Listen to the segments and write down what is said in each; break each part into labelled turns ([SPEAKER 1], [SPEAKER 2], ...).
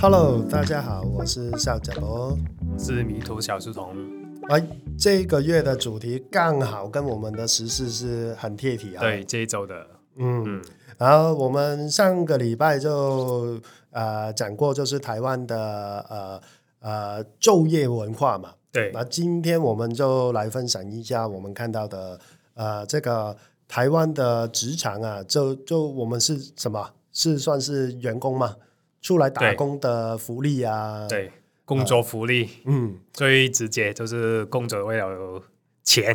[SPEAKER 1] Hello，大家好，我是少賈羅，我是
[SPEAKER 2] 迷途小書童。哎、
[SPEAKER 1] 啊，這個月的主題剛好跟我們的時事是很貼體啊、哦。對，
[SPEAKER 2] 這一周的。嗯，
[SPEAKER 1] 嗯然後我們上個禮拜就呃講過，就是台灣的呃呃晝夜文化嘛。對。那、啊、今天我們就來分享一下我們看到的呃這個台灣的職場啊，就就我們是什麼是算是員工嗎？出來打工的福利啊，對，
[SPEAKER 2] 工作福利，呃、嗯，最直接就是工作為了錢，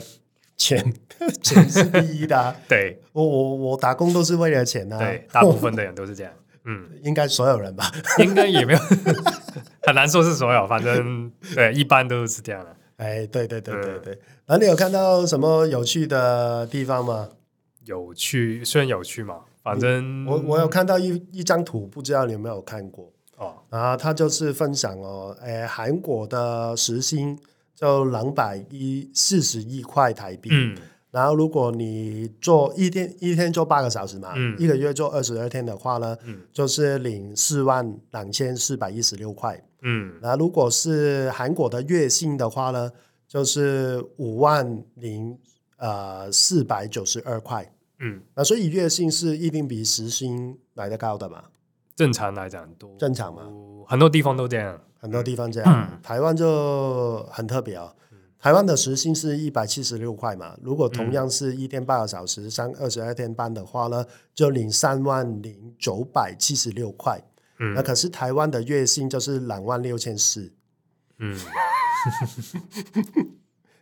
[SPEAKER 2] 錢
[SPEAKER 1] 錢是第一的、啊。 對，我我我打工都是為了錢啊，對，大部分的
[SPEAKER 2] 人都是這樣，哦、嗯，
[SPEAKER 1] 應該所有人吧？
[SPEAKER 2] 應該也沒有， 很難說是所有，反正對，一般都是這樣的。哎，對對對對
[SPEAKER 1] 對。那、呃、你有看到什麼有趣的地方嗎？有趣雖然有趣嘛。
[SPEAKER 2] 反正我我有看
[SPEAKER 1] 到一一張圖，不知道你有沒有看過哦。然後他就是分享哦，呃、哎，韓國的時薪就兩百一四十一塊台幣。嗯、然後如果你做一天一天做八個小時嘛，嗯、一個月做二十二天的話呢，嗯、就是領四萬兩千四百一十六塊。嗯，然後如果是韓國的月薪的話呢，就是五萬零呃四百九十二塊。嗯，那所以月薪是一定比時薪來得高的嘛，正常來講正常嘛，很多地方都這樣，很多地方這樣。台灣就很特別哦，台灣的時薪是一百七十六塊嘛。如果同樣是一天八個小時，上二十二天班的話呢，就領三萬零九百七十六塊。嗯，那可是台灣的月薪就是兩萬六千四。嗯，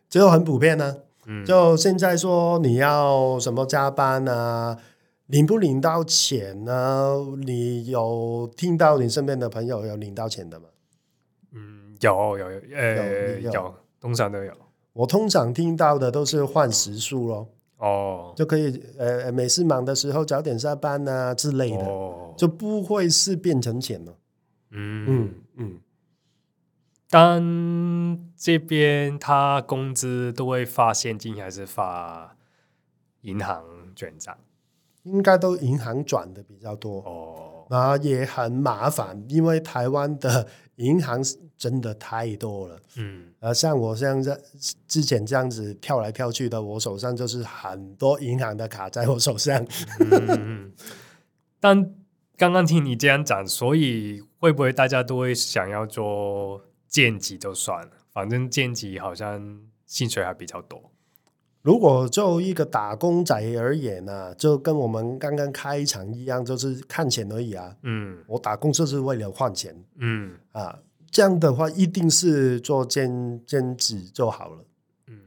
[SPEAKER 1] 這個很普遍呢。嗯、就現在說你要什麼加班啊？領不領到錢呢、啊？你有聽到你身邊的朋友有領到錢的嗎？嗯，
[SPEAKER 2] 有有有，有、欸、有，有，有通常都有。
[SPEAKER 1] 我通常聽到的都是換時數嘍，哦，就可以、呃，每次忙的時候早點下班啊之類的，哦、就不會是變成錢了。嗯嗯
[SPEAKER 2] 嗯。但、嗯嗯這邊他工資都會發現金還是發銀行轉賬？
[SPEAKER 1] 應該都銀行轉的比較多哦。那也很麻煩，因為台灣的銀行真的太多了。嗯，啊，呃，像我像這在之前這樣子跳來跳去的，我手上就是很多銀行的卡在我手上。 嗯，
[SPEAKER 2] 但剛剛聽你這樣講，所以會不會大家都會想要做兼職就算了？反正兼職好像薪水還比較多。如果
[SPEAKER 1] 作為一個打工仔而言呢、啊，就跟我們剛剛開場一樣，就是看錢而已啊。嗯，我打工就是為了換錢。嗯，啊，這樣的話一定是做兼兼職就好了。
[SPEAKER 2] 嗯，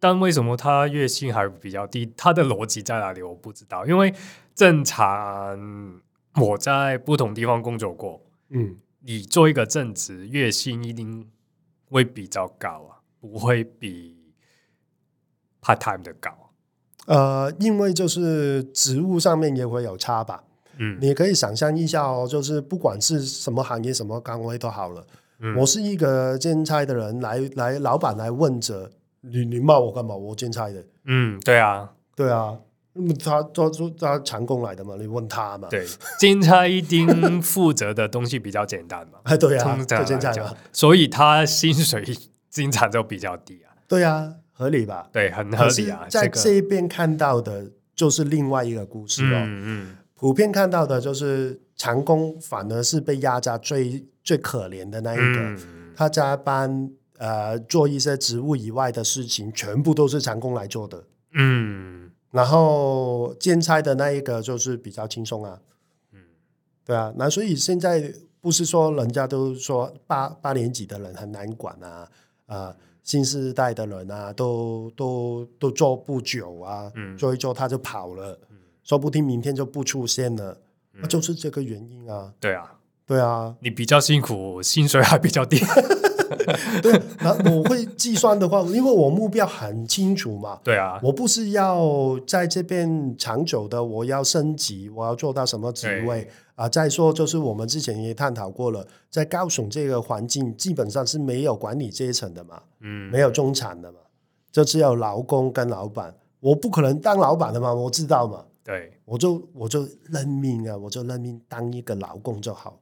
[SPEAKER 2] 但為什麼他月薪還比較低？他的邏輯在哪裡？我不知道。因為正常我在不同地方工作過。嗯，你做一個正職，月薪一定會比較高啊，不會比 part time 的高啊。
[SPEAKER 1] 呃，因為就是職務上面也會有差吧。嗯，你可以想象一下哦，就是不管是什麼行業、什麼崗位都好了。嗯，我是一個兼差的人，來來，老闆來問着你，你罵我幹嘛？我兼差的。
[SPEAKER 2] 嗯，對啊，對啊。
[SPEAKER 1] 他做出他，他長工來的嘛？你問他嘛？對，
[SPEAKER 2] 兼差 一定負責的東西比較簡單嘛？哎、 啊，對呀，就兼差，所以他薪水經常就比較低啊。對啊，合理吧？對，很合理啊。在這一
[SPEAKER 1] 邊看到的就是另外一個故事了，哦。嗯嗯，普遍看到的就是長工反而是被壓榨最最可憐的那一個。嗯，他加班，呃，做一些職務以外的事情，全部都是長工來做的。嗯。然後兼差的那一個就是比較輕鬆啊，嗯，對啊，那所以現在不是說人家都說八八年級的人很難管啊，啊、呃，新世代的人啊，都都都做不久啊，做、嗯、一做他就跑了，嗯、說不定明天就不出現了，嗯啊、就是這個原因啊。
[SPEAKER 2] 對啊，對啊，對啊，你比較辛苦，薪水還比較低。
[SPEAKER 1] 對，然後我會計算的話， 因為我目標很清楚嘛。對啊，我不是要在這邊長久的，我要升級，我要做到什麼職位啊對、呃？再說，就是我們之前也探討過了，在高雄這個環境，基本上是沒有管理階層的嘛，嗯、沒有中產的嘛，就只有勞工跟老板。我不可能當老板的嘛，我知道嘛。對我，我就我就認命啊，我就認命當一個勞工就好。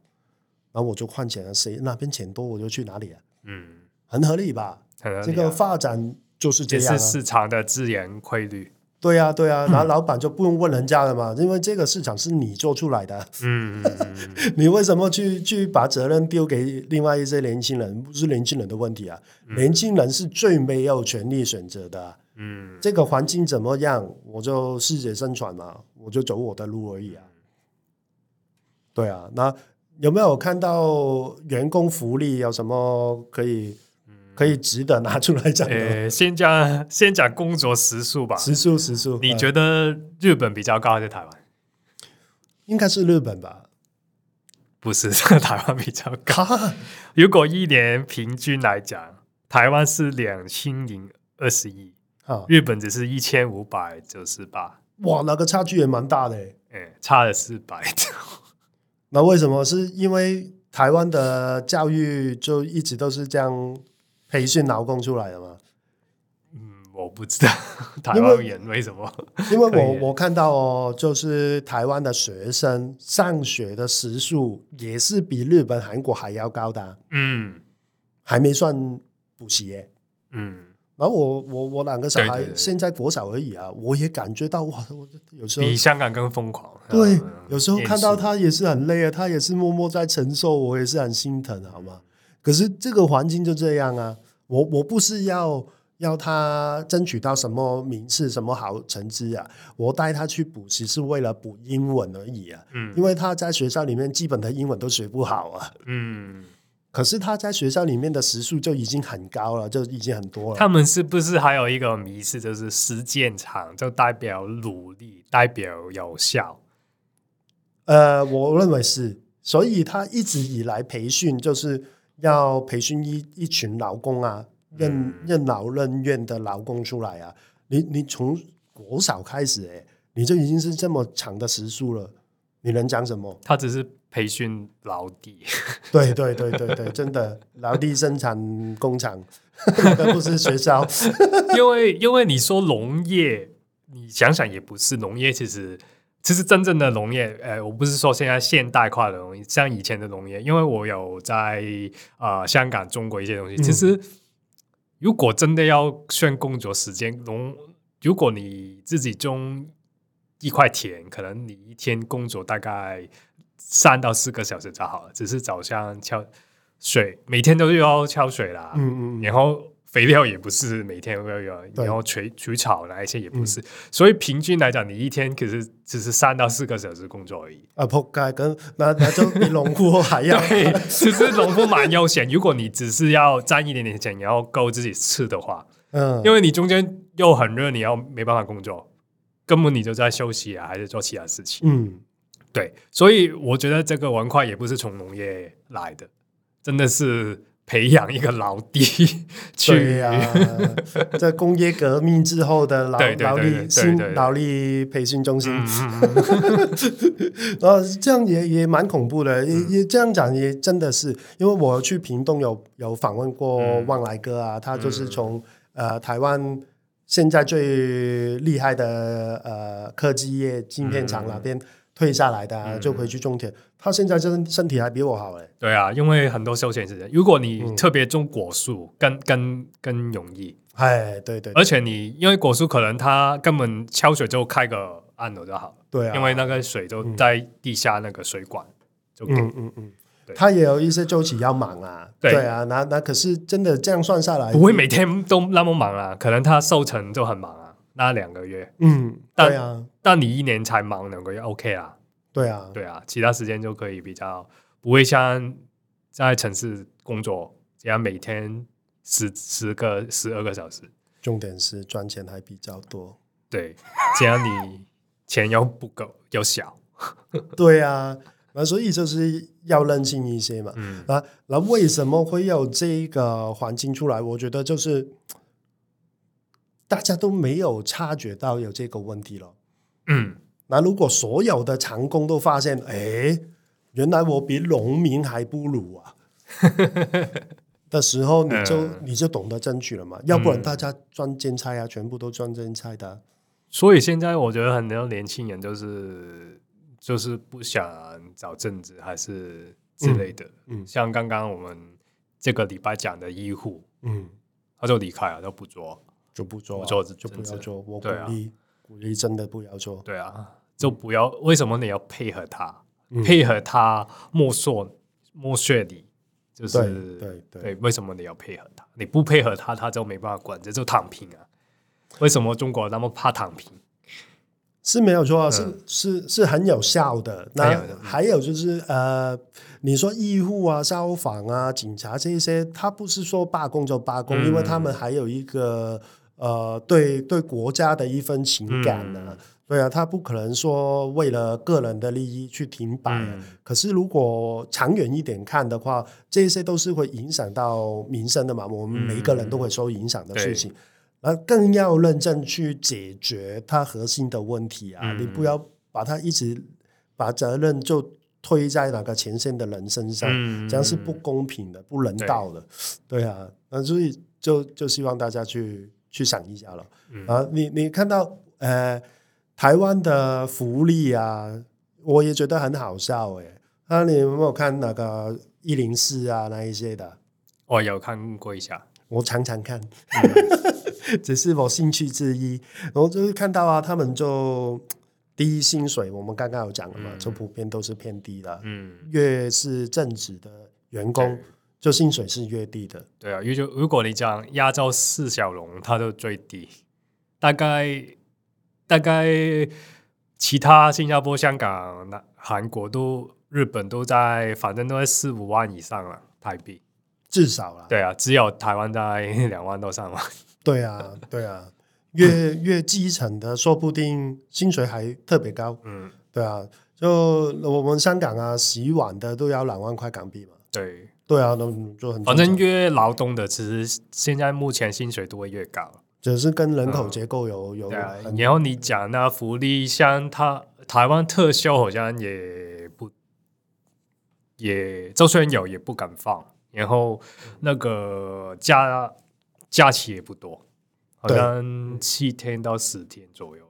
[SPEAKER 1] 然後我就換錢啊誰，誰那邊錢多，我就去哪裡啊。嗯，很合理吧？理啊、這個發展就是這樣、啊，也是市
[SPEAKER 2] 場的自然規律。
[SPEAKER 1] 對啊，對啊。然後老闆就不用問人家了嘛，嗯、因為這個市場是你做出來的。
[SPEAKER 2] 嗯
[SPEAKER 1] 你為什麼去去把責任丟給另外一些年輕人？不是年輕人的問題啊，嗯、年輕人是最沒有權利選擇的。嗯，這個環境怎麼樣，我就適者生存嘛，我就走我的路而已啊。對啊，那。有沒有看到員工福利有什麼可以可以值得拿出來講？哎、嗯，欸，
[SPEAKER 2] 先講先講工作時數吧。時數時數，時數你覺得日本比較高還是台灣？
[SPEAKER 1] 應該是日
[SPEAKER 2] 本吧？不是，台灣比較高。啊、如果一年平均來講，台灣是兩千零二十億、啊、日本只是一千五百九十八。哇，
[SPEAKER 1] 那個差距也蠻大的。欸、
[SPEAKER 2] 差了四百。
[SPEAKER 1] 那為什麼？是因為台灣的教育就一直都是這樣培訓勞工出來的嗎？嗯，
[SPEAKER 2] 我不知道台灣人為什麼因為。因為我我
[SPEAKER 1] 看到哦，就是台灣的學生上學的時數也是比日本、韓國還要高的。嗯，還沒算補習欸。嗯。而我我我兩個小孩現在國小而已啊，對對對，我也感覺到哇，我有時候比香港更瘋狂。對，嗯、有時候看到他也是很累啊，厭世，他也是默默在承受，我也是很心疼，好嗎？可是這個環境就這樣啊，我我不是要要他爭取到什麼名次，什麼好成績啊，我帶他去補習是為了補英文而已啊，嗯、因為他在學校裡面基本的英文都學不好啊，嗯。可是他在學校裡面的時數就已經很高了，就已經很多了。他
[SPEAKER 2] 們是不是還有一個迷思，就是時間長就代表努力，代表有效？
[SPEAKER 1] 呃，我認為是，所以他一直以來培訓就是要培訓一一群勞工啊，任、嗯、任勞任怨的勞工出來啊。你你從國小開始、欸，哎，你就已經是這麼長的時數了，你能講什
[SPEAKER 2] 麼？他只是。培訓勞力，對 對對對對，真
[SPEAKER 1] 的勞力生
[SPEAKER 2] 產工廠 不是學校， 因為因為你說農業，你想想也不是農業，其實其實真正的農業，呃，我不是說現在現代化的農業，像以前的農業，因為我有在啊、呃、香港中國一些東西，其實如果真的要算工作時間，農如果你自己種一塊田，可能你一天工作大概。三到四個小時就好了，只是早上敲水，每天都又要敲水啦。嗯嗯、然後肥料也不是每天要有對然後除除草那一些也不是，嗯、所以平均來講，你一天可是只是三到四個小時工作而已。
[SPEAKER 1] 啊，撲街，跟那那就比農夫還要。 對，
[SPEAKER 2] 其實農夫蠻悠閒。 如果你只是要賺一點點錢，然後夠自己吃的話，
[SPEAKER 1] 嗯、因為
[SPEAKER 2] 你中間又很熱，你要沒辦法工作，根本你就在休息啊，還是做其他事情。嗯。對，所以我覺得這個文化也不是從農業來的，真的是培養一個老弟去。對啊，
[SPEAKER 1] 在工業革命之後的勞對對對對，勞力新勞力培訓中心。然後、嗯嗯嗯、 這樣也也蠻恐怖的，也、嗯、也這樣講也真的是，因為我去屏東有有訪問過旺來哥啊，他就是從、嗯、呃台灣現在最厲害的呃科技業晶片廠那邊。嗯嗯退下來的就可以去
[SPEAKER 2] 種田，他
[SPEAKER 1] 現在身身體還比
[SPEAKER 2] 我好嘞。對啊，因為很多休閒時間。如果你特別種果樹，更更更容易。哎，對對。而且你因為果樹可能它根本澆水就開個按鈕就好。對啊，因為那個水就在地下那個水管。嗯嗯嗯。
[SPEAKER 1] 他也有一些週期要忙啊。對啊，那那可是真的這樣算下來，不會每天
[SPEAKER 2] 都那麼忙啊。可能他收成就很忙啊，那兩個月。嗯，
[SPEAKER 1] 對啊。
[SPEAKER 2] 但你一年才忙兩個月，OK 啊，
[SPEAKER 1] 對啊，對啊，
[SPEAKER 2] 其他時間就可以比較，不會像在城市工作，這樣每天十十個十二個小時。重點是賺錢還比較多。對，這樣你錢又不夠又少。
[SPEAKER 1] 對啊，那所以就是要任性一些嘛。嗯。那那為什麼會有這個環境出來？我覺得就是大家都沒有察覺到有這個問題了。嗯，那如果所有的長工都發現，哎，原來我比農民還不如啊，的時候，你就你就懂得爭取了嘛，要不然大家賺兼差啊，全部都賺兼差的。
[SPEAKER 2] 所以現在我覺得很多年輕人就是就是不想找正職，還是之類的，嗯，像剛剛我們這個禮拜講的醫護，嗯，他就離開了，就不做就不做就不做，我鼓勵。我真的不要做。對啊，就不要。為什麼你要配合他？嗯、配合他默說默說你，就是對對，對,對，為什麼你要配合他？你不配合他，他就沒辦法管，這就躺平啊。為什麼中國那麼怕躺平？
[SPEAKER 1] 是沒有錯、啊嗯，是是是很有效的。那還有就是呃，你說醫護啊、消防啊、警察這一些，他不是說罷工就罷工，嗯、因為他們還有一個。呃，對對，國家的一份情感呢、啊？嗯、對啊，他不可能說為了個人的利益去停擺、啊。嗯、可是如果長遠一點看的話，這些都是會影響到民生的嘛，我們每個人都會受影響的事情。嗯、而更要認真去解決它核心的問題啊！嗯、你不要把它一直把責任就推在那個前線的人身上，嗯、這樣是不公平的、不人道的。對，對啊，那所以就就希望大家去。去想一下了，嗯、啊！你你看到呃台灣的福利啊，我也覺得很好笑哎，欸。那，啊、你有沒有看那個一零四啊那一些的？
[SPEAKER 2] 我有看過一下，
[SPEAKER 1] 我常常看，只 是我興趣之一。我就看到啊，他們就低薪水，我們剛剛有講了嘛，就，嗯、普遍都是偏低的。嗯，越是正職的員工。嗯就薪水是越低的，
[SPEAKER 2] 對啊，因為就如果你講亞洲四小龍，它都最低，大概大概其他新加坡、香港、韓國都、日本都在，反正都在四五萬以上了，台幣至少了。對啊，只有台灣在兩萬到三萬。
[SPEAKER 1] 對啊，對啊， 越越基層的，說不定薪水還特別高。嗯，對啊，就我們香港啊，洗碗的都要兩萬塊港幣嘛。對。對啊，那做很多反
[SPEAKER 2] 正越勞動的，其實現在目前薪水都會越高，只是跟人口結構有、嗯、有。對、啊、很然後你講那、啊、福利，像他台灣特休好像也不也，就算有也不敢放，然後那個假假期也不多，好像七天到十天左右。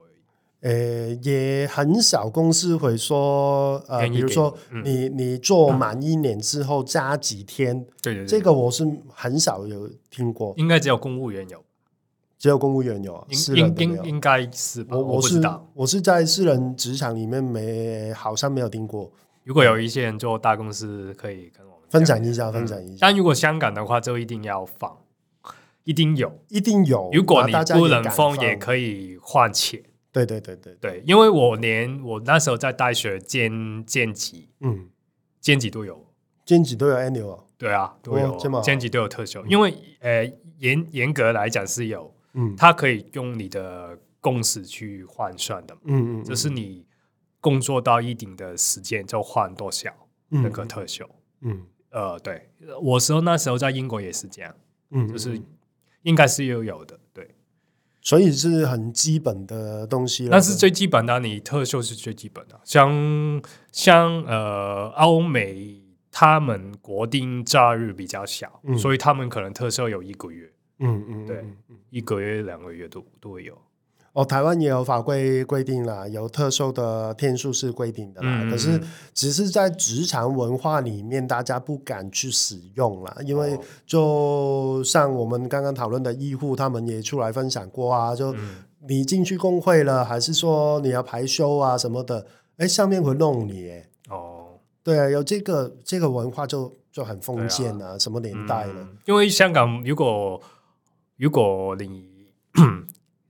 [SPEAKER 1] 呃，也很少公司會說，呃，比如說你你做滿一年之後加幾天，對對，這個我是很少有聽過，應該
[SPEAKER 2] 只有公務員有，
[SPEAKER 1] 只有公務員有，應應
[SPEAKER 2] 應該是我我不知道，
[SPEAKER 1] 我是在私人職場裡面沒，好像沒有聽過。
[SPEAKER 2] 如果有一些人做大公司，可以跟
[SPEAKER 1] 我們分享一下，分享
[SPEAKER 2] 一下。但如果香港的話，就一定要放，一定有，
[SPEAKER 1] 一定有。如果你不能放，也
[SPEAKER 2] 可以換錢。
[SPEAKER 1] 對對對對對，
[SPEAKER 2] 對，因為我連我那時候在大學兼兼職，嗯，兼職都有，
[SPEAKER 1] 兼職都有 annual，
[SPEAKER 2] 對啊，都有兼職在都有特休，因為呃嚴嚴格來講是有，嗯，它可以用你的工時去換算的，嗯嗯，就是你工作到一定的時間就換多少，嗯，那個特休，嗯，呃，對我時候那時候在英國也是這樣，嗯，就是應該是又有的。所
[SPEAKER 1] 以是很基本的東西，但那是最
[SPEAKER 2] 基本的，你特休是最基本的。像、像呃，歐美他們國定假日比較小，嗯、所以他們可能特休有一個月。嗯嗯，對，嗯、一個月兩個月都都會有。
[SPEAKER 1] 哦，台灣也有法規規定啦，有特休的天數是規定的啦。嗯嗯，可是，只是在職場文化裡面，大家不敢去使用了，因為就像我們剛剛討論的，醫護他們也出來分享過啊，就你進去工會了，還是說你要排休啊什麼的？哎、欸，上面會弄你、欸，哎，哦，對、啊，有這個這個文化就就很封建啊，啊什麼年代了、嗯？
[SPEAKER 2] 因為香港如，如果如果你。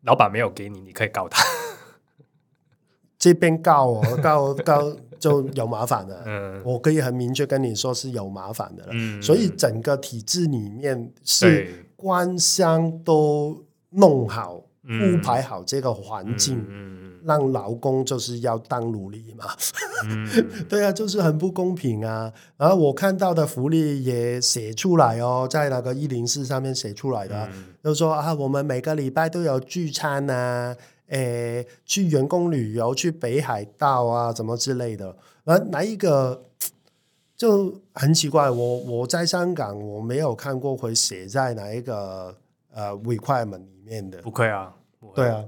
[SPEAKER 2] 老板沒有給你，你可以告他。
[SPEAKER 1] 這邊告我告告就有麻煩了。 嗯，我可以很明確跟你說是有麻煩的了。嗯、所以整個體制裡面是官商都弄好、鋪對排好這個環境。嗯。嗯嗯讓勞工就是要當奴隸嘛？嗯、 對啊，就是很不公平啊！然後我看到的福利也寫出來哦，在那個一零四上面寫出來的、啊，嗯、就是說啊，我們每個禮拜都有聚餐啊，誒、欸，去員工旅遊去北海道啊，什麼之類的。而哪一個就很奇怪，我我在香港我沒有看過會寫在哪一個呃 requirement 裡面的，不
[SPEAKER 2] 會啊，愧
[SPEAKER 1] 對啊，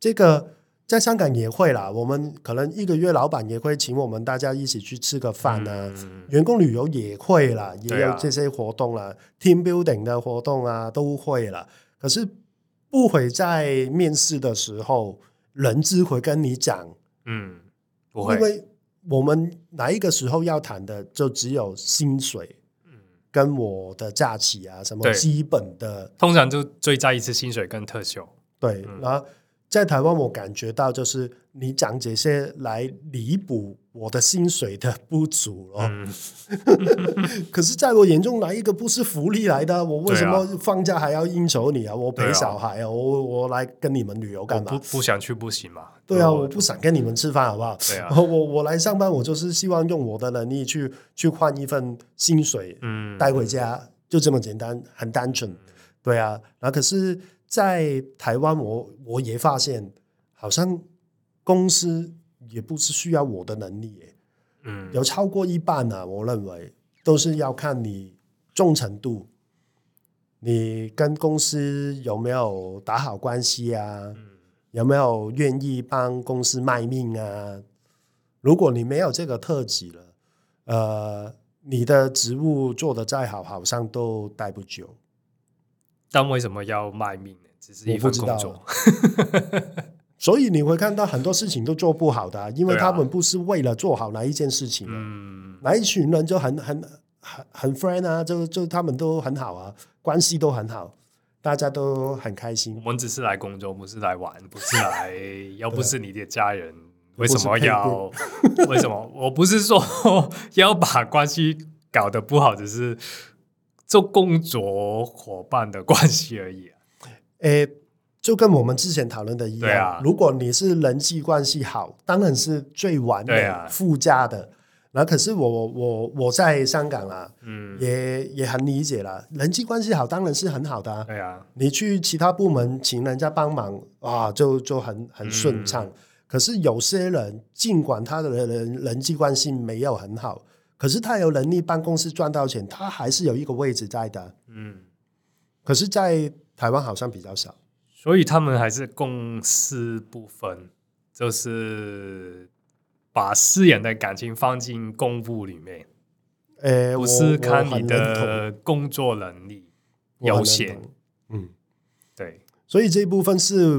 [SPEAKER 1] 這個。在香港也會啦，我們可能一個月，老闆也會請我們大家一起去吃個飯啊，嗯、員工旅遊也會了，啊、也有這些活動啦 team building 的活動啊，都會了。可是不會在面試的時候，人資會跟你講，嗯，不會，因為我們哪一個時候要談的就只有薪水，嗯，跟我的假期啊，對什麼基
[SPEAKER 2] 本的，通常就最在意是薪水跟特休
[SPEAKER 1] 對，嗯、然後在台灣，我感覺到就是你講這些來彌補我的薪水的不足哦。嗯、
[SPEAKER 2] 可是，
[SPEAKER 1] 在我眼中，哪一個不是福利來的？我為什麼放假還要應酬你啊？我陪小孩啊，我我來跟你們旅遊幹嘛？不不
[SPEAKER 2] 想去不行嘛？
[SPEAKER 1] 對啊，我，就我不想跟你們吃飯，好不好？對啊，我我來上班，我就是希望用我的能力去去換一份薪水，嗯，帶回家，嗯、就這麼簡單，很單純。對啊，啊，可是。在台灣，我我也發現，好像公司也不是需要我的能力耶，嗯，有超過一半呢、啊。我認為都是要看你忠誠度，你跟公司有沒有打好關係啊？嗯、有沒有願意幫公司賣命啊？如果你沒有這個特質了，呃，你的職務做得再好，好像都待不久。
[SPEAKER 2] 但為什麼要賣命呢？只是一份工作，
[SPEAKER 1] 所以你會看到很多事情都做不好的、啊，因為他們不是為了做好哪一件事情，嗯、啊，啊、哪一群人就很很很很 friend 啊，就就他們都很好啊，關係都很好，大家都很開心。
[SPEAKER 2] 我們只是來工作，不是來玩，不是來，要不是你的家人，
[SPEAKER 1] 啊、為什麼要？
[SPEAKER 2] 為什麼？我不是說要把關係搞得不好，只是。做工作夥伴的關係而已、啊，
[SPEAKER 1] 誒、欸，就跟我們之前討論的一樣。啊、如果你是人際關係好，當然是最完美，啊、附加的。那可是我我我在香港、啊嗯、也也很理解了，人際關係好當然是很好的。啊，啊你去其他部門請人家幫忙啊，就就很很順暢。嗯、可是有些人儘管他的人人際關係沒有很好。可是他有能力幫公司賺到錢，他還是有一個位置在的。嗯，可是，在台灣好像比較少，
[SPEAKER 2] 所以他們還是公私不分，就是把私人的感情放進公務裡面。
[SPEAKER 1] 呃、欸，我是看你的
[SPEAKER 2] 工作能力優先。嗯，對，
[SPEAKER 1] 所以這一部分是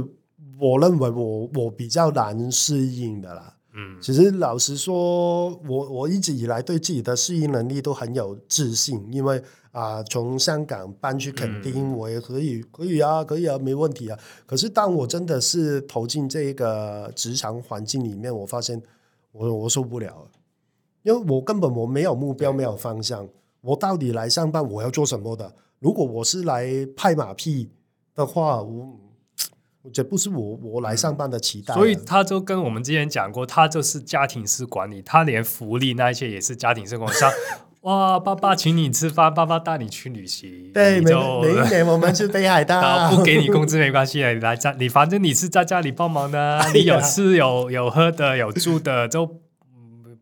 [SPEAKER 1] 我認為我我比較難適應的啦。嗯，其實老實說，我我一直以來對自己的適應能力都很有自信，因為啊、呃，從香港搬去墾丁我也可以，可以啊，可以啊，沒問題啊。可是，當我真的是投進這個職場環境裡面，我發現我我受不了、了，因為我根本我沒有目標，對沒有方向。我到底來上班我要做什麼的？如果我是來拍馬屁的話，我。這不是我我來上班的期
[SPEAKER 2] 待、啊。所以他就跟我們之前講過，他就是家庭式管理，他連福利那一些也是家庭式管理。像 哇，爸爸請你吃飯，爸爸帶你去旅行，對，你就每沒給我們去北海道， 然後不給你工資沒關係啊，你來家你反正你是在家裡幫忙的，哎、呀你有吃有有喝的有住的，就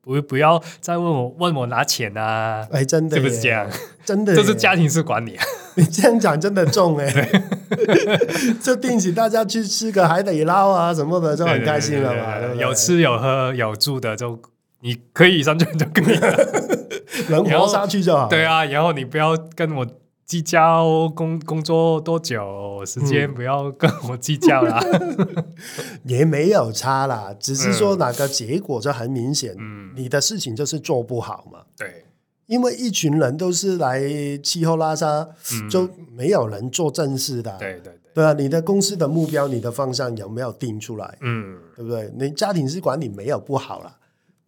[SPEAKER 2] 不不要再問我問我拿錢啊！哎、真的是不是這樣，真的這 是家庭式管理。你這樣
[SPEAKER 1] 講真的重哎、欸！ 就定起大家去吃個海底撈啊什麼的就很開心了嘛，有吃
[SPEAKER 2] 有喝有住的就你可以上去就跟你能 活下去就好。對啊，然後你不要跟我計較工工作多久時間，不要跟我計較啦、啊。嗯、 也
[SPEAKER 1] 沒有差啦，只是說哪個結果就很明顯。嗯，你的事情就是做不好嘛。對。因為一群人都是來吃喝拉撒，就沒有人做正事的。對對對，對啊！你的公司的目標、你的方向有沒有定出來？嗯，對不對？你家庭式管理沒有不好了，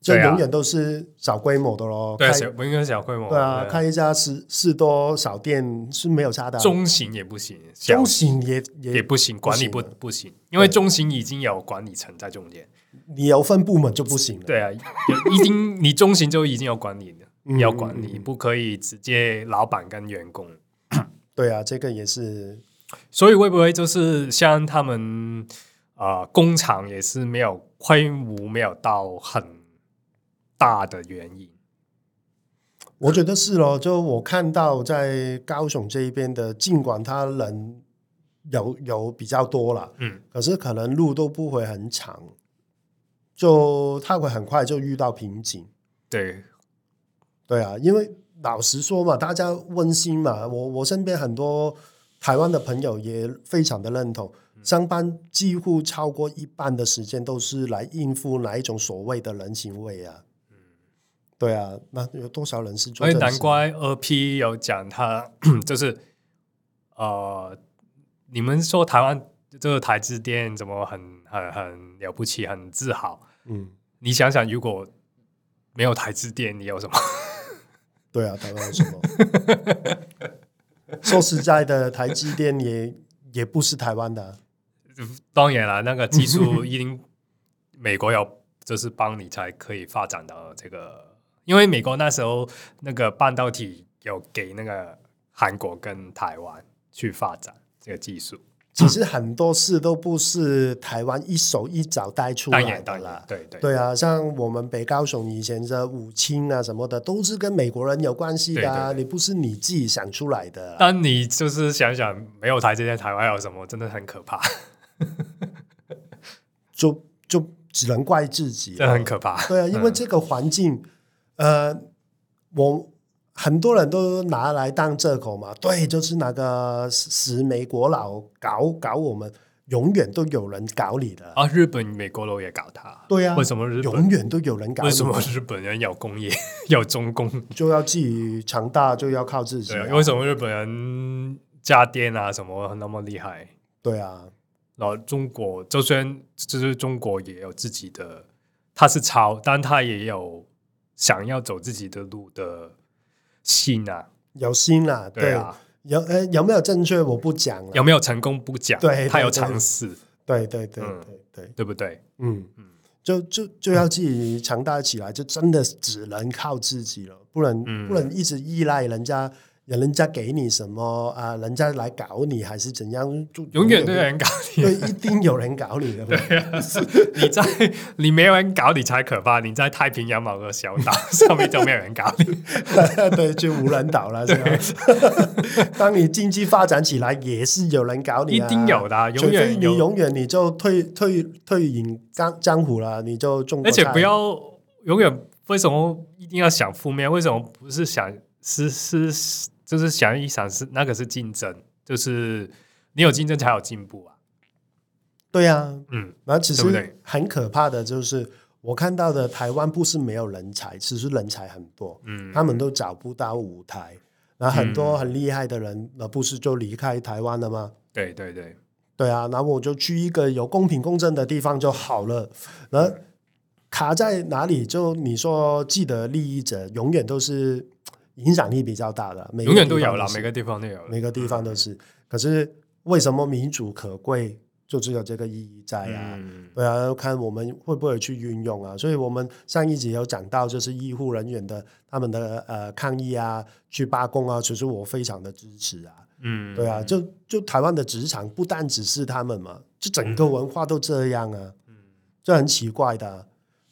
[SPEAKER 1] 就永遠都是小規模的咯。對，
[SPEAKER 2] 不應該小規模。對啊，
[SPEAKER 1] 開一家是是多少店是沒有差的，中
[SPEAKER 2] 型也不行，中型也也不行，管理不不行，因為中型已經有管理層在中間，你有分部門就不行了。對啊，一定你中型就已經有管理了。要管理，嗯、不可以直接老板跟員工。 對啊，這個也是，所以會不會就是像他們啊、呃，工廠也是沒有規模，沒有到很大的原因？
[SPEAKER 1] 我覺得是咯，就我看到在高雄這一邊的，儘管他人有有比較多了，嗯，可是可能路都不會很長，就他會很快就遇到瓶頸。對。對啊，因為老實說嘛，大家溫馨嘛，我我身邊很多台灣的朋友也非常的認同。嗯、上班幾乎超過一半的時間都是來應付哪一種所謂的人情味啊？嗯，對啊，那有多少人是做的？因為難
[SPEAKER 2] 怪二 P 有講他，他就是呃，你們說台灣這個台積電怎麼很很很了不起，很自豪？嗯，你想想，如果沒有台積電，你有什麼？對啊，台灣什麼？
[SPEAKER 1] 說實在的，台積電也也不是台灣的啊。
[SPEAKER 2] 當然了，那個技術一定美國要就是幫你才可以發展到這個，
[SPEAKER 1] 因為美國
[SPEAKER 2] 那時候那個半導體有給那個韓國跟台灣去發展這個技術。
[SPEAKER 1] 其實很多事都不是台灣一手一腳帶出來的
[SPEAKER 2] 啦。對對
[SPEAKER 1] 對啊，像我們北高雄以前的武清啊什麼的，都是跟美國人有關係的。啊，你不是你自己想出來的，
[SPEAKER 2] 但你就是想想沒有台積電，台灣有什麼？真的很可怕，
[SPEAKER 1] 就就只能怪自己，這很可怕。對啊，因為這個環境，呃，我。很多人都拿來當借口嘛，對，就是那個死美國佬搞搞我們，永遠都有人搞你的
[SPEAKER 2] 啊！日本美國佬也搞他，
[SPEAKER 1] 對呀、啊。為什麼日本永遠都有人搞？為什麼日
[SPEAKER 2] 本人要工業
[SPEAKER 1] 要重工？就要自己強大，就要靠自己對、啊。對、啊，為什麼
[SPEAKER 2] 日本人家電啊什麼那麼厲害？對啊，然後中國就算，就是中國也有自己的，他是抄，但他也有想要走自己的路的。心吶，啊、
[SPEAKER 1] 有心吶、啊，對啊，對有誒、欸，有沒有正確我不講了，有
[SPEAKER 2] 沒有成功不講，對，對，對，他有嘗試，對，對對對對對，嗯、對不對？嗯嗯，
[SPEAKER 1] 嗯就就就要自己強大起來，就真的只能靠自己了，不能、嗯、不能一直依賴人家。人家給你什麼啊？人家來搞你還是怎樣？永遠都有人搞你，對，一定有人搞你的。 對啊，
[SPEAKER 2] 是你在，你沒有人搞你才可怕。你在太平洋某個小島上面，就沒有人搞你， 對，
[SPEAKER 1] 對，就無人島了。是吧？對， 當你經濟發展起來，也是有人搞你啊，一定有的，永遠，除非你永遠你就退退退隱江江湖了，你就中。而且不要
[SPEAKER 2] 永遠，為什麼一定要想負面？為什麼不是想是是是？就是想一想是，是那個是競爭，就是你有競爭才有進步啊。
[SPEAKER 1] 對啊。嗯，那其實很可怕的，就是對，對我看到的台灣不是沒有人才，其實人才很多，嗯，他們都找不到舞台，那很多很厲害的人，嗯、那不是就離開台灣了嗎？
[SPEAKER 2] 對對對，
[SPEAKER 1] 對啊，那我就去一個有公平公正的地方就好了。那卡在哪裡？就你說，既得利益者永遠都是。影響力比較大的，每個地方永遠都有了。每
[SPEAKER 2] 個地方都有，
[SPEAKER 1] 每個地方都是。嗯、可是為什麼民主可貴，就只有這個意義在啊？對啊、嗯，我要看我們會不會去運用啊？所以我們上一集有講到，就是醫護人員的他們的呃抗議啊，去罷工啊，其實我非常的支持啊。嗯，對啊，就就台灣的職場不但只是他們嘛，就整個文化都這樣啊。嗯，這很奇怪的、啊，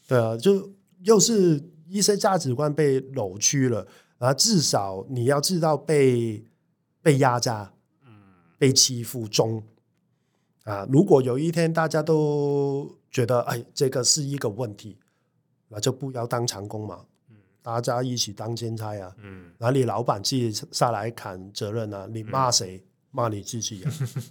[SPEAKER 1] 對啊，就又是一些價值觀被扭曲了。啊，至少你要知道被被壓榨，嗯，被欺負中啊。如果有一天大家都覺得哎，這個是一個問題，那就不要當長工嘛，嗯、大家一起當兼差啊。嗯，那你老闆自己下來扛責任呢、啊？你罵誰？嗯、
[SPEAKER 2] 罵你自己啊呵呵。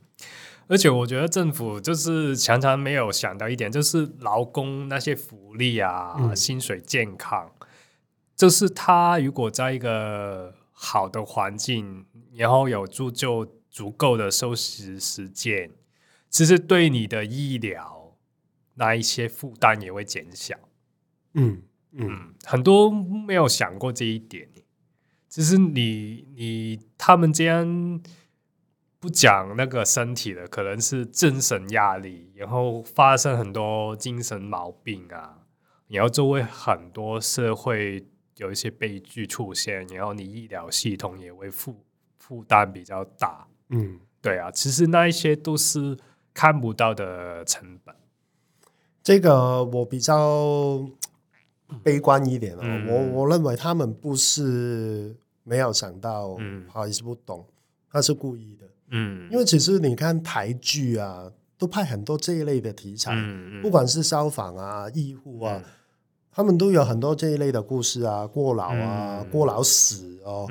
[SPEAKER 2] 而且我覺得政府就是常常沒有想到一點，就是勞工那些福利啊、嗯、啊薪水、健康。就是他如果在一個好的環境，然後有足夠足夠的休息時間，其實對你的醫療那一些負擔也會減小。嗯嗯，很多沒有想過這一點。其實你你他們這樣不講那個身體的，可能是精神壓力，然後發生很多精神毛病啊，然後周圍很多社會。有一些悲劇出現，然後你醫療系統也會負負擔比較大。嗯，對啊，其實那一些都是看不到的成本。這個我比較悲觀一點啊、喔，嗯、我我認為他
[SPEAKER 1] 們不是沒有想到，嗯，他不是不懂，他是故意的，嗯，因為其實你看台劇啊，都拍很多這一類的題材，嗯、不管是消防啊、醫護啊。嗯他們都有很多這一類的故事啊，過勞啊，嗯、過勞死哦，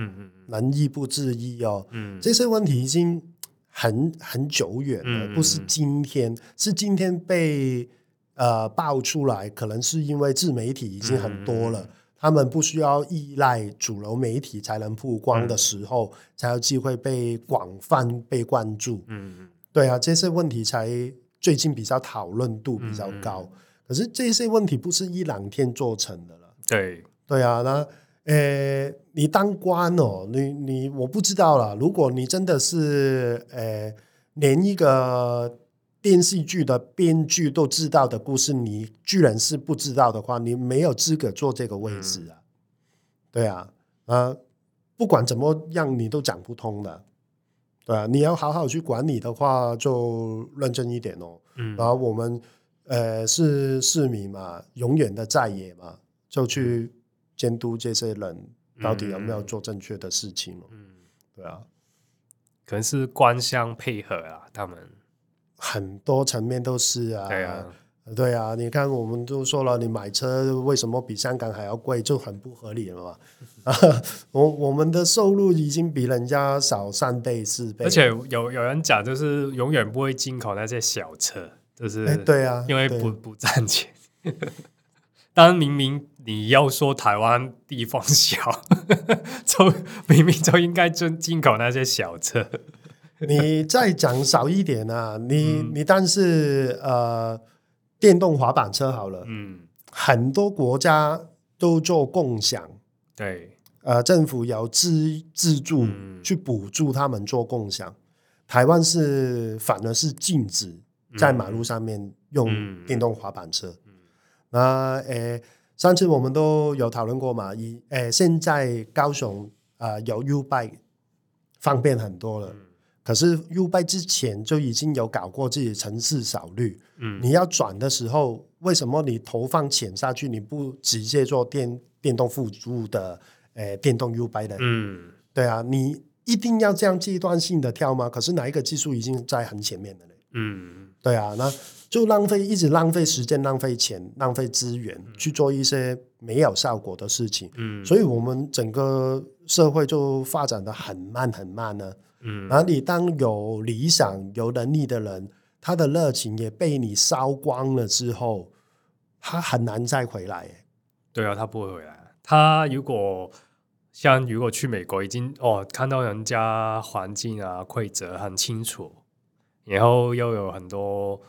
[SPEAKER 1] 能醫、嗯、不自醫哦，嗯、這些問題已經很很久遠了，嗯、不是今天，是今天被呃爆出來，可能是因為自媒體已經很多了，嗯、他們不需要依賴主流媒體才能曝光的時候，嗯、才有機會被廣泛被關注。嗯嗯，對啊，這些問題才最近比較討論度比較高。嗯嗯可是這些問題不是一兩天做成的了對。對對啊，那呃、欸，你當官哦，你你我不知道了。如果你真的是呃、欸，連一個電視劇的編劇都知道的故事，你居然是不知道的話，你沒有資格坐這個位置啊！嗯、對啊，啊，不管怎麼樣，你都講不通的。對啊，你要好好去管理的話，就認真一點哦。嗯，然後我們。呃，是市民嘛，永遠的在野嘛，就去監督這些
[SPEAKER 2] 人到底有沒有做正確的事情嘛，嗯，嗯，對啊，可能是官商配合啊，他們
[SPEAKER 1] 很多層面都是啊，對啊，對啊。你看，我們都說了，你買車為什麼比香港還要貴，就很不合理了嘛？ 我我們的收入已經比人家少三倍四倍，而且
[SPEAKER 2] 有有人講，就是永遠不會進口那些小車。就是、欸、對啊，因為不不賺錢。但 明明你要說台灣地方小， 明明就應該尊進口那些小車。
[SPEAKER 1] 你再講少一點啊！你、嗯、你但是呃，電動滑板車好了，嗯，很多國家都做共享，對，呃，政府有資資助去補助他們做共享。嗯、台灣是反而是禁止。在馬路上面用電動滑板車，那誒、嗯呃，上次我們都有討論過嘛？一、呃、誒，現在高雄啊、呃、有 U-bike，方便很多了。嗯、可是 U-bike 之前就已經有搞過自己的城市掃綠。嗯、你要轉的時候，為什麼你投放錢下去，你不直接做電電動輔助的誒、呃、電動 U-bike 的？嗯，對啊，你一定要這樣階段性的跳嗎？可是哪一個技術已經在很前面了呢？嗯。對啊，那就浪費，一直浪費時間，浪費錢，浪費資源，嗯、去做一些沒有效果的事情。嗯，所以我們整個社會就發展得很慢，很慢呢、啊。嗯，然後你當有理想、有能力的人，他的熱情也被你燒光了之
[SPEAKER 2] 後，他很難再回來、欸。對啊，他不會回來。他如果像如果去美國，已經哦，看到人家環境啊、規則很清楚。然後又有很多，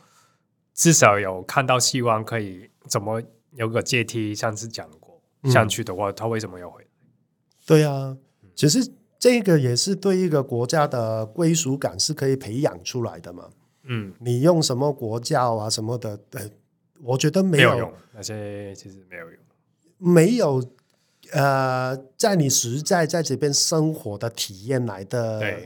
[SPEAKER 2] 至少有看到希望，可以怎麼有個階梯？上次講過，上、嗯、去的話，他為什麼要回來？
[SPEAKER 1] 對啊，嗯、其實這個也是對一個國家的歸屬感是可以培養出來的嘛。嗯，你用什麼國教啊什麼的？對，我覺得沒有，沒有用，
[SPEAKER 2] 那些其實沒有用，
[SPEAKER 1] 沒有呃，在你實在在這邊生活的體驗來的。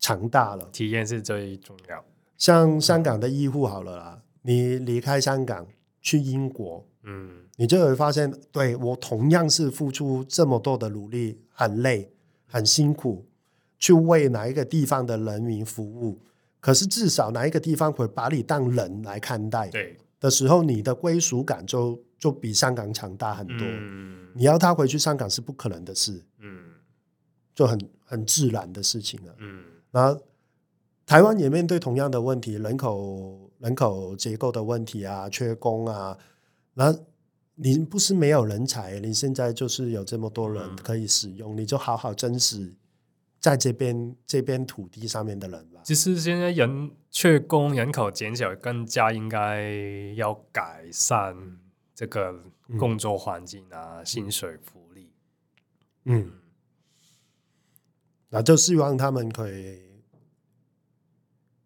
[SPEAKER 1] 強大了，
[SPEAKER 2] 體驗是最重要。
[SPEAKER 1] 像香港的醫護好了啦，嗯、你離開香港去英國，嗯，你就會發現，對，我同樣是付出這麼多的努力，很累，很辛苦，嗯、去為哪一個地方的人民服務。可是至少哪一個地方會把你當人來看待？對，的時候你的歸屬感就就比香港強大很多。嗯，你要他回去香港是不可能的事。嗯，就很很自然的事情了，啊。嗯。那台灣也面對同樣的問題，人口人口結構的問題啊，缺工啊。那你不是沒有人才，你現在就是有這麼多人可以使用，你就好好珍惜在這邊這邊土地上面的人
[SPEAKER 2] 吧。其實現在人缺工，人口減少，更加應該要改善這個工作環境啊，嗯、薪水福利。嗯。
[SPEAKER 1] 那就希望他們可以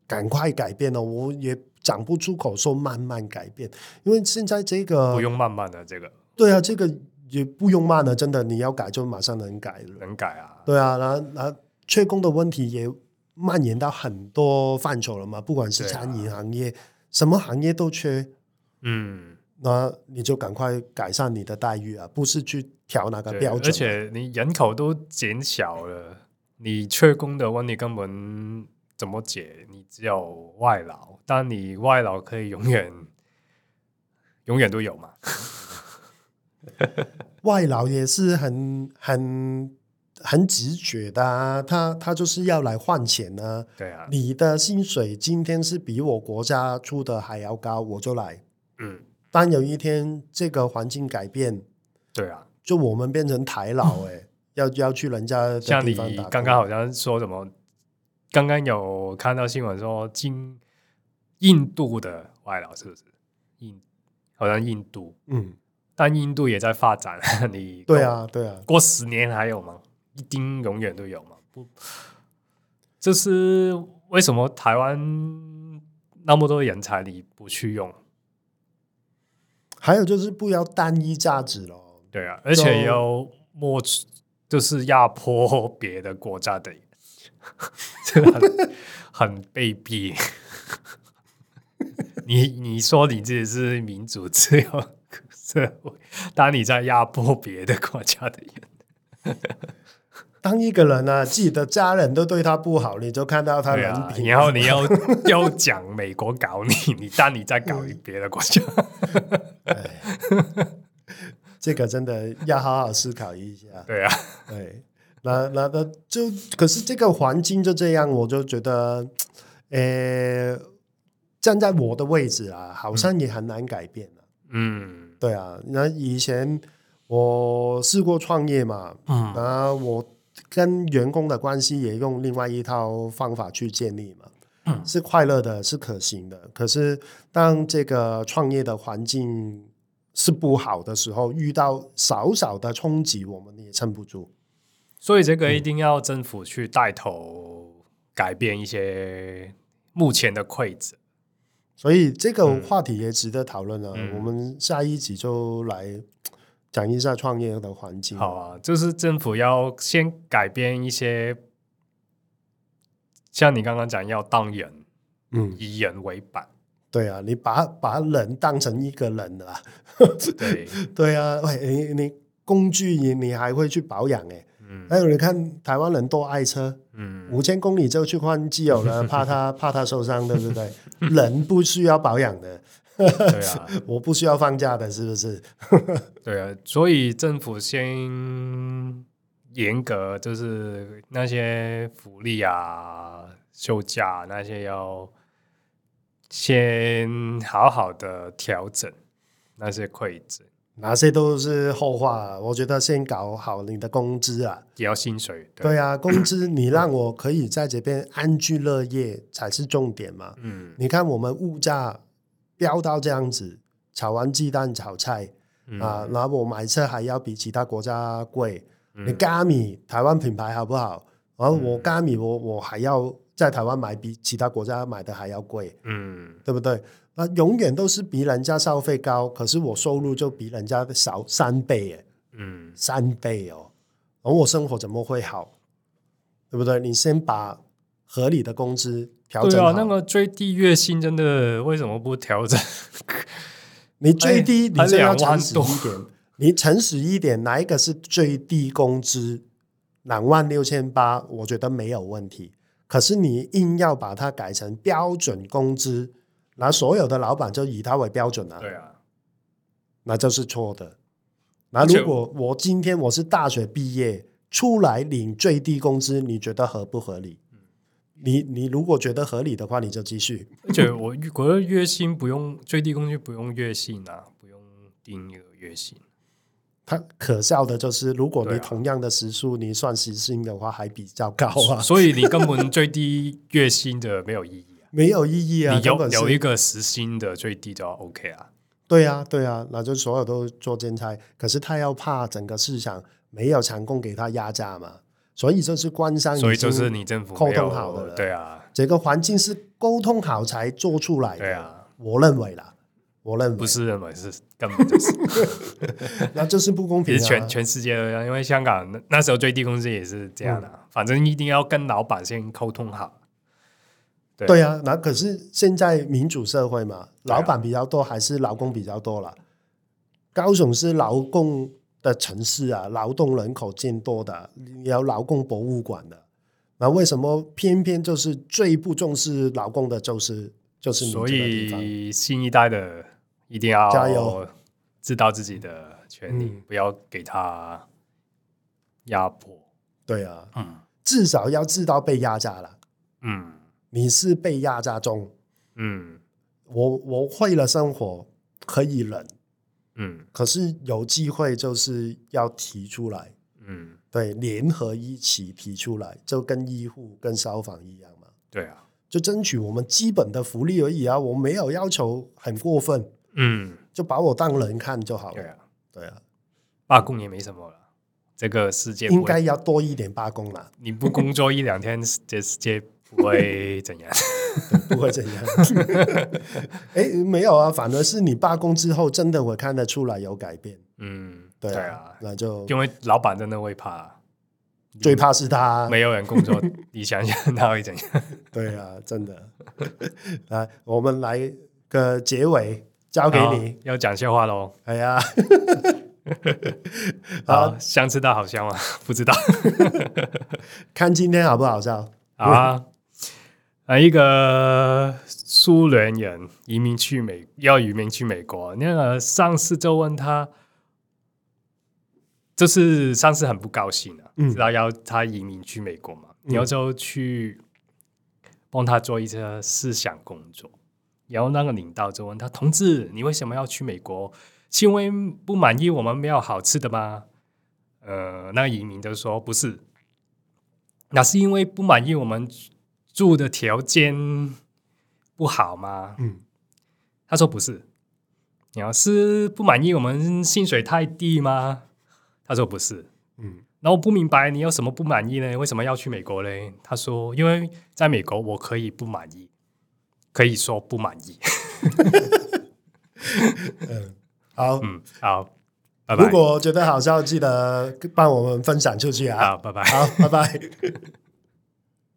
[SPEAKER 1] 趕快改變呢、哦。我也講不出口，說慢慢改變，因為現在這個不用
[SPEAKER 2] 慢慢的這個，
[SPEAKER 1] 對啊，這個也不用慢了，真的你要改就馬上能改，能改啊，對啊。那那缺工的問題也蔓延到很多範疇了嘛，不管是餐飲行業，啊、什麼行業都缺。嗯，那你就趕快改善你的待遇啊，不是去調哪個標準，而且
[SPEAKER 2] 你人口都減小了。你缺工的問題根本怎麼解？你只有外勞，但你外勞可以永遠、永遠都有嘛？
[SPEAKER 1] 外勞也是很、很、很直覺的、啊、他他就是要來換錢呢、啊。對啊，你的薪水今天是比我國家出的還要高，我就來。嗯，但有一天這個環境改變，對啊，就我們變成台勞哎、欸。嗯要要去人家像你剛
[SPEAKER 2] 剛好像說什麼？剛剛、嗯、有看到新聞說，金印度的外勞是不是？印好像印度，嗯，但印度也在發展。你對啊，對啊，過十年還有嗎？一定永遠都有嗎？不，這是為什麼台灣那麼多人才你不去用？
[SPEAKER 1] 還有就是不要單一價值嘍。
[SPEAKER 2] 對啊，而且要莫。就是壓迫別的國家的人， 很卑被鄙逼。 你你說你自己是民主自由社會，但你在壓迫別的國家的人。
[SPEAKER 1] 當一個人啊，自己的家人都對他不好，你就看到他人
[SPEAKER 2] 品。然後、啊、你要你要， 要講美國搞你，你但你在搞你別的國家。 嗯哎
[SPEAKER 1] 這個真的要好好思考一下。 對啊，對，那那那就可是這個環境就這樣，我就覺得，呃，站在我的位置啊，好像也很難改變了啊。嗯，對啊，那以前我試過創業嘛，嗯，然後，我跟員工的關係也用另外一套方法去建立嘛，嗯，是快樂的，是可行的。可是當這個創業的環境，是不好的時候，遇到小小的衝擊，我們也撐不
[SPEAKER 2] 住。所以這個一定要政府去帶頭改變一些目前的規則，嗯、所以這個話題也值得討論了。
[SPEAKER 1] 嗯、我們下一集就來講一下創業的環境。好啊，
[SPEAKER 2] 就是政府要先改變一些，像你剛剛講要當人，嗯，以人為本。對啊，你把把人當成一
[SPEAKER 1] 個人了， 對對啊，喂，你，你工具你你還會去保養哎、欸，嗯，還有你看台灣人多愛車，嗯，五千公里就去換機油了，怕他， 怕，他怕他受傷，對不對？ 人不需要保養的， 對啊，我不需要放假的，是不是？
[SPEAKER 2] 對啊，所以政府先嚴格，就是那些福利啊、休假那些要。先好好的調整那些饋贈，那些
[SPEAKER 1] 都是後話、啊。我覺得先搞好你的工資啊，
[SPEAKER 2] 也要薪水。
[SPEAKER 1] 對，對啊，工資你讓我可以在這邊安居樂業才是重點嘛。嗯，你看我們物價飆到這樣子，炒完雞蛋炒菜啊，呃嗯、然後我買車還要比其他國家貴。你咖米、嗯、台灣品牌好不好？然後我咖米我，我我還要。在台灣買比其他國家買的還要貴，嗯，對不對？那永遠都是比人家消費高，可是我收入就比人家少三倍耶，嗯，三倍哦，而我生活怎麼會好？對不對？你先把合理的工資
[SPEAKER 2] 調整。對、啊、那個最低月薪真的為什麼不調整？ 你最 J 低、哎、你兩萬多，
[SPEAKER 1] 你誠實一點，哪一個是最低工資？兩萬六千八，我覺得沒有問題。可是你硬要把它改成標準工資，那所有的老闆就以它為標準了啊。對啊，那就是錯的。那如果我今天我是大學畢業就出來領最低工資，你覺得合不合理？嗯，你你如果覺得合理的話，你就繼續。
[SPEAKER 2] 而且我我的月薪不用最低工資，不用月薪啊，不用定一個月薪。
[SPEAKER 1] 他可笑的就是，如果你同樣的時速，你算時薪的話，還比較高啊，啊。 所以你根本
[SPEAKER 2] 最低月薪的沒有意義、啊，沒有意義啊！有有了一個時薪的最低就 OK 啊。對
[SPEAKER 1] 啊，對啊，那就所有都做兼差，可是他要怕整個市場沒有成功給他壓價嘛，所以就是官商，所以就是你
[SPEAKER 2] 政府溝通好的了，對啊，
[SPEAKER 1] 這個環境是溝通好才做出來的，啊，我認為啦。我認
[SPEAKER 2] 為不是認為是根本就是，
[SPEAKER 1] 那就是不公平、啊全。全
[SPEAKER 2] 全世界都一樣，因為香港那時候最低工資也是這樣的、啊。嗯、反正一定要跟老闆先溝通好。對啊，
[SPEAKER 1] 那可是現在民主社會嘛，啊啊老闆比較多還是勞工比較多啦。高雄是勞工的城市啊，勞動人口眾多的，有勞工博物館的。那為什麼偏偏就是最不重視勞工的、就是，就是就是？所以
[SPEAKER 2] 新一代的。一定要知道自己的權利，加油，不要給他壓迫。嗯、
[SPEAKER 1] 對啊，嗯，至少要知道被壓榨了。
[SPEAKER 2] 嗯，你
[SPEAKER 1] 是被壓榨中。嗯，我我為了生活可以忍。嗯，可是有機會就是要提出來。嗯，對，聯合一起提出來，就跟醫護跟消防一樣嘛。對啊，就爭取我們基本的福利而已啊，我們沒有要求很過分。嗯，就把我當人看就好了。對啊，
[SPEAKER 2] 對啊，罷工也沒什麼了。這個世界應該要
[SPEAKER 1] 多一點罷工了。
[SPEAKER 2] 你不工作一兩天，這世界不會怎樣，不會怎樣。
[SPEAKER 1] 哎，沒有啊，反而是你罷工之後，真的我看得出來有改變。
[SPEAKER 2] 嗯，對啊，那就因為老闆真的會怕，最怕是他沒有人工作。你想想，他會怎樣？對啊，真的。
[SPEAKER 1] 來，我們來個結尾。交給你，
[SPEAKER 2] 要講笑話嘍！哎呀， 好，好想知道好笑嗎？不知道，
[SPEAKER 1] 看今天好不好笑。
[SPEAKER 2] 好啊？一個蘇聯人移民去美，要移民去美國。那個上司就問他，就是上司很不高興啊，然、嗯、要他移民去美國嘛，然後就去幫他做一些思想工作。然後那個領導就問他：“同志，你為什麼要去美國？是因為不滿意我們沒有好吃的嗎？”呃，那個移民就說：“不是，那是因為不滿意我們住的條件不好嗎？”嗯，他說：“不是，你要是不滿意我們薪水太低嗎？”他說：“不是。”嗯，那我不明白你有什麼不滿意呢？為什麼要去美國呢？他說：“因為在美國，我可以不滿意。”可以說不滿意。 嗯，好，嗯，好，拜拜。如果
[SPEAKER 1] 覺得好笑，記得幫我們分享出去啊！好，拜拜，好，拜拜。